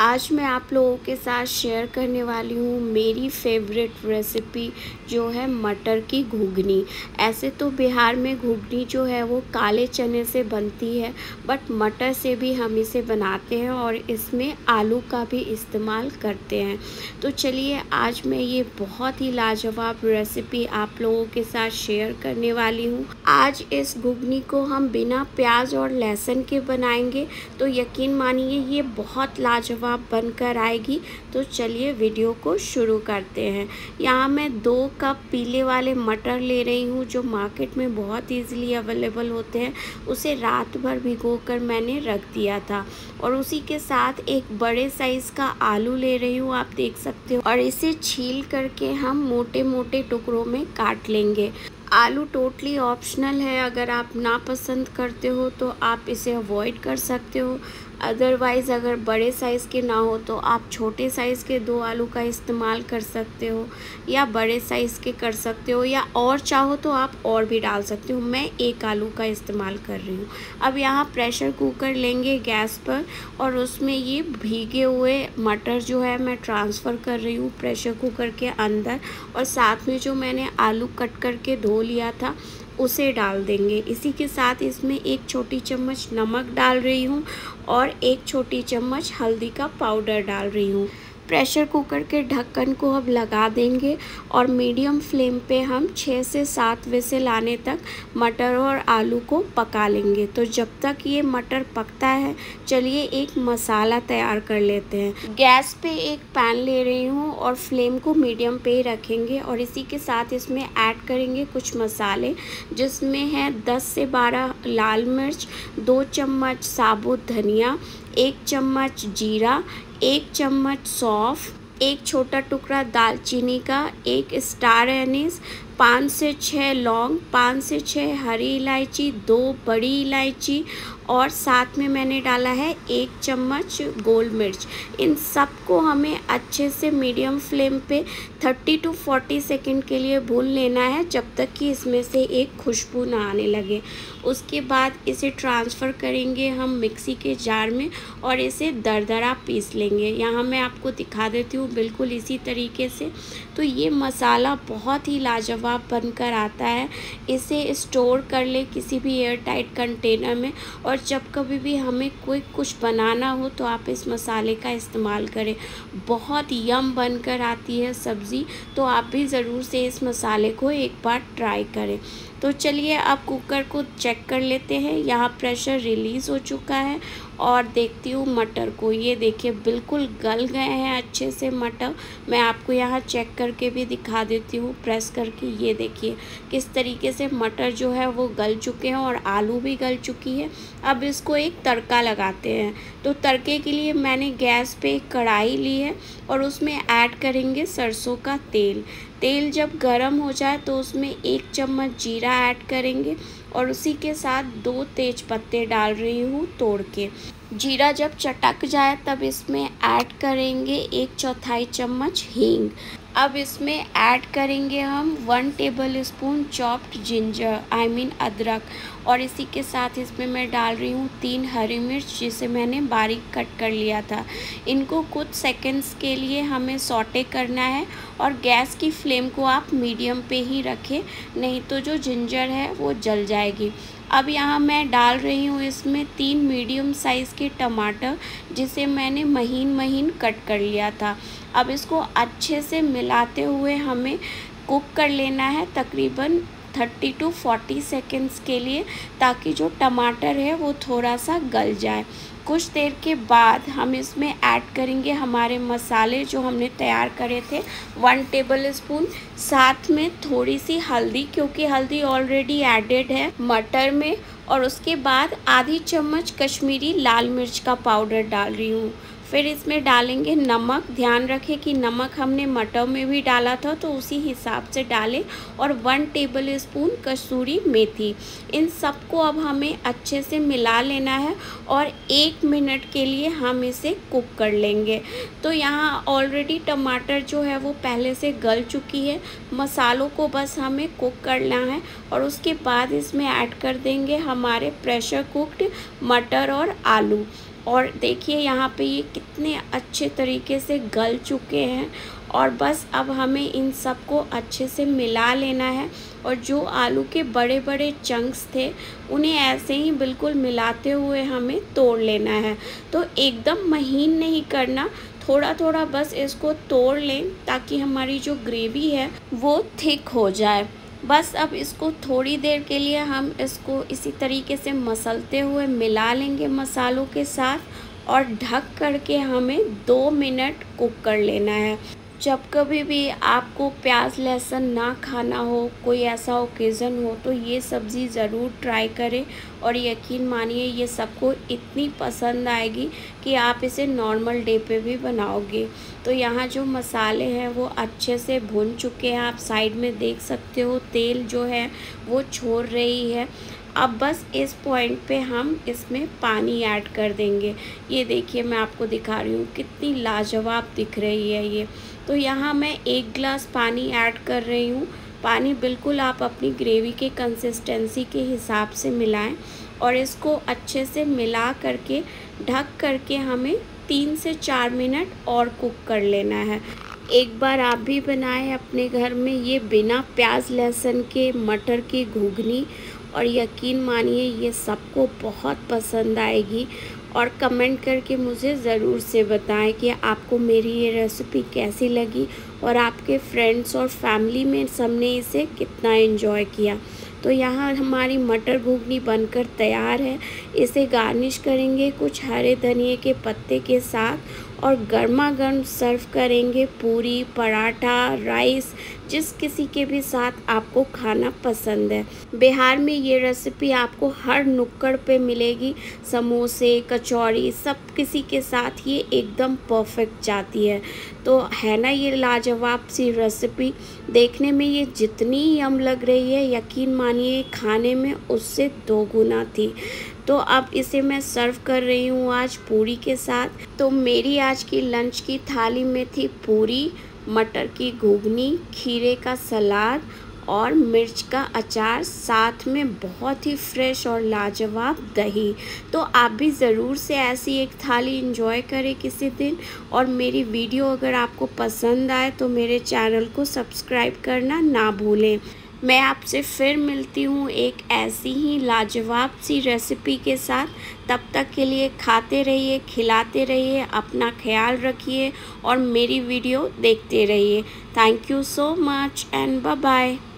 आज मैं आप लोगों के साथ शेयर करने वाली हूँ मेरी फेवरेट रेसिपी जो है मटर की घुगनी ऐसे तो बिहार में घुगनी जो है वो काले चने से बनती है बट मटर से भी हम इसे बनाते हैं और इसमें आलू का भी इस्तेमाल करते हैं तो चलिए आज मैं ये बहुत ही लाजवाब रेसिपी आप लोगों के साथ शेयर करने वाली हूँ आज इस घुगनी को हम बिना प्याज और लहसुन के बनाएंगे तो यकीन मानिए ये बहुत लाजवाब आप बनकर आएगी तो चलिए वीडियो को शुरू करते हैं यहाँ मैं दो कप पीले वाले मटर ले रही हूँ जो मार्केट में बहुत ईजिली अवेलेबल होते हैं उसे रात भर भिगो कर मैंने रख दिया था और उसी के साथ एक बड़े साइज़ का आलू ले रही हूँ आप देख सकते हो और इसे छील करके हम मोटे मोटे टुकड़ों में काट लेंगे आलू टोटली ऑप्शनल है अगर आप ना पसंद करते हो तो आप इसे अवॉइड कर सकते हो अदरवाइज़ अगर बड़े साइज़ के ना हो तो आप छोटे साइज़ के दो आलू का इस्तेमाल कर सकते हो या बड़े साइज़ के कर सकते हो या और चाहो तो आप और भी डाल सकते हो मैं एक आलू का इस्तेमाल कर रही हूँ अब यहाँ प्रेशर कुकर लेंगे गैस पर और उसमें ये भीगे हुए मटर जो है मैं ट्रांसफ़र कर रही हूँ प्रेशर कुकर के अंदर और साथ में जो मैंने आलू कट करके धो लिया था उसे डाल देंगे इसी के साथ इसमें एक छोटी चम्मच नमक डाल रही हूँ और एक छोटी चम्मच हल्दी का पाउडर डाल रही हूँ प्रेशर कुकर के ढक्कन को अब लगा देंगे और मीडियम फ्लेम पे हम छः से सात वैसे लाने तक मटर और आलू को पका लेंगे तो जब तक ये मटर पकता है चलिए एक मसाला तैयार कर लेते हैं गैस पे एक पैन ले रही हूँ और फ्लेम को मीडियम पे ही रखेंगे और इसी के साथ इसमें ऐड करेंगे कुछ मसाले जिसमें है दस से बारह लाल मिर्च दो चम्मच साबुत धनिया एक चम्मच जीरा एक चम्मच सौंफ एक छोटा टुकड़ा दालचीनी का एक स्टार एनिस पाँच से छः लौंग पाँच से छः हरी इलायची दो बड़ी इलायची और साथ में मैंने डाला है एक चम्मच गोल मिर्च इन सब को हमें अच्छे से मीडियम फ्लेम पे 30 टू 40 सेकंड के लिए भून लेना है जब तक कि इसमें से एक खुशबू ना आने लगे उसके बाद इसे ट्रांसफ़र करेंगे हम मिक्सी के जार में और इसे दरदरा पीस लेंगे यहाँ मैं आपको दिखा देती हूँ बिल्कुल इसी तरीके से तो ये मसाला बहुत ही लाजवाब बनकर आता है इसे स्टोर कर ले किसी भी एयर टाइट कंटेनर में और और जब कभी भी हमें कोई कुछ बनाना हो तो आप इस मसाले का इस्तेमाल करें बहुत यम बनकर आती है सब्ज़ी तो आप भी ज़रूर से इस मसाले को एक बार ट्राई करें तो चलिए आप कुकर को चेक कर लेते हैं यहाँ प्रेशर रिलीज़ हो चुका है और देखती हूँ मटर को ये देखिए बिल्कुल गल गए हैं अच्छे से मटर मैं आपको यहाँ चेक करके भी दिखा देती हूँ प्रेस करके ये देखिए किस तरीके से मटर जो है वो गल चुके हैं और आलू भी गल चुकी है अब इसको एक तड़का लगाते हैं तो तड़के के लिए मैंने गैस पे कढ़ाई ली है और उसमें ऐड करेंगे सरसों का तेल तेल जब गर्म हो जाए तो उसमें एक चम्मच जीरा ऐड करेंगे और उसी के साथ दो तेज पत्ते डाल रही हूँ तोड़ के जीरा जब चटक जाए तब इसमें ऐड करेंगे एक चौथाई चम्मच हींग अब इसमें ऐड करेंगे हम one tablespoon chopped ginger I mean अदरक और इसी के साथ इसमें मैं डाल रही हूँ तीन हरी मिर्च जिसे मैंने बारीक कट कर लिया था इनको कुछ सेकंड्स के लिए हमें सोटे करना है और गैस की फ्लेम को आप मीडियम पे ही रखें नहीं तो जो जिंजर है वो जल जाएगी अब यहाँ मैं डाल रही हूँ इसमें तीन मीडियम साइज़ के टमाटर जिसे मैंने महीन महीन कट कर लिया था अब इसको अच्छे से मिलाते हुए हमें कुक कर लेना है तकरीबन थर्टी टू फोर्टी सेकेंड्स के लिए ताकि जो टमाटर है वो थोड़ा सा गल जाए कुछ देर के बाद हम इसमें ऐड करेंगे हमारे मसाले जो हमने तैयार करे थे वन टेबल स्पून साथ में थोड़ी सी हल्दी क्योंकि हल्दी ऑलरेडी एडेड है मटर में और उसके बाद आधी चम्मच कश्मीरी लाल मिर्च का पाउडर डाल रही हूँ फिर इसमें डालेंगे नमक ध्यान रखें कि नमक हमने मटर में भी डाला था तो उसी हिसाब से डालें और वन टेबल स्पून कसूरी मेथी इन सबको अब हमें अच्छे से मिला लेना है और एक मिनट के लिए हम इसे कुक कर लेंगे तो यहाँ ऑलरेडी टमाटर जो है वो पहले से गल चुकी है मसालों को बस हमें कुक करना है और उसके बाद इसमें ऐड कर देंगे हमारे प्रेशर कुकड मटर और आलू और देखिए यहाँ पे ये कितने अच्छे तरीके से गल चुके हैं और बस अब हमें इन सबको अच्छे से मिला लेना है और जो आलू के बड़े बड़े चंक्स थे उन्हें ऐसे ही बिल्कुल मिलाते हुए हमें तोड़ लेना है तो एकदम महीन नहीं करना थोड़ा थोड़ा बस इसको तोड़ लें ताकि हमारी जो ग्रेवी है वो थिक हो जाए बस अब इसको थोड़ी देर के लिए हम इसको इसी तरीके से मसलते हुए मिला लेंगे मसालों के साथ और ढक करके हमें दो मिनट कुक कर लेना है जब कभी भी आपको प्याज लहसुन ना खाना हो कोई ऐसा ओकेज़न हो तो ये सब्ज़ी ज़रूर ट्राई करें और यकीन मानिए ये सबको इतनी पसंद आएगी कि आप इसे नॉर्मल डे पे भी बनाओगे तो यहाँ जो मसाले हैं वो अच्छे से भुन चुके हैं आप साइड में देख सकते हो तेल जो है वो छोड़ रही है अब बस इस पॉइंट पे हम इसमें पानी ऐड कर देंगे ये देखिए मैं आपको दिखा रही हूँ कितनी लाजवाब दिख रही है ये तो यहाँ मैं एक ग्लास पानी ऐड कर रही हूँ पानी बिल्कुल आप अपनी ग्रेवी के कंसिस्टेंसी के हिसाब से मिलाएं और इसको अच्छे से मिला करके ढक करके हमें तीन से चार मिनट और कुक कर लेना है एक बार आप भी बनाएं अपने घर में ये बिना प्याज लहसुन के मटर की घुघनी और यकीन मानिए ये सबको बहुत पसंद आएगी और कमेंट करके मुझे ज़रूर से बताएं कि आपको मेरी ये रेसिपी कैसी लगी और आपके फ्रेंड्स और फैमिली में सबने इसे कितना इन्जॉय किया तो यहाँ हमारी मटर घुगनी बनकर तैयार है इसे गार्निश करेंगे कुछ हरे धनिए के पत्ते के साथ और गर्मा गर्म सर्व करेंगे पूरी पराठा राइस जिस किसी के भी साथ आपको खाना पसंद है बिहार में ये रेसिपी आपको हर नुक्कड़ पे मिलेगी समोसे कचौड़ी सब किसी के साथ ये एकदम परफेक्ट जाती है तो है ना ये लाजवाब सी रेसिपी देखने में ये जितनी यम लग रही है यकीन मानिए खाने में उससे दोगुना थी तो अब इसे मैं सर्व कर रही हूँ आज पूरी के साथ तो मेरी आज की लंच की थाली में थी पूरी मटर की घुगनी खीरे का सलाद और मिर्च का अचार साथ में बहुत ही फ्रेश और लाजवाब दही तो आप भी ज़रूर से ऐसी एक थाली इंजॉय करें किसी दिन और मेरी वीडियो अगर आपको पसंद आए तो मेरे चैनल को सब्सक्राइब करना ना भूलें मैं आपसे फिर मिलती हूँ एक ऐसी ही लाजवाब सी रेसिपी के साथ तब तक के लिए खाते रहिए खिलाते रहिए अपना ख्याल रखिए और मेरी वीडियो देखते रहिए thank you so much and bye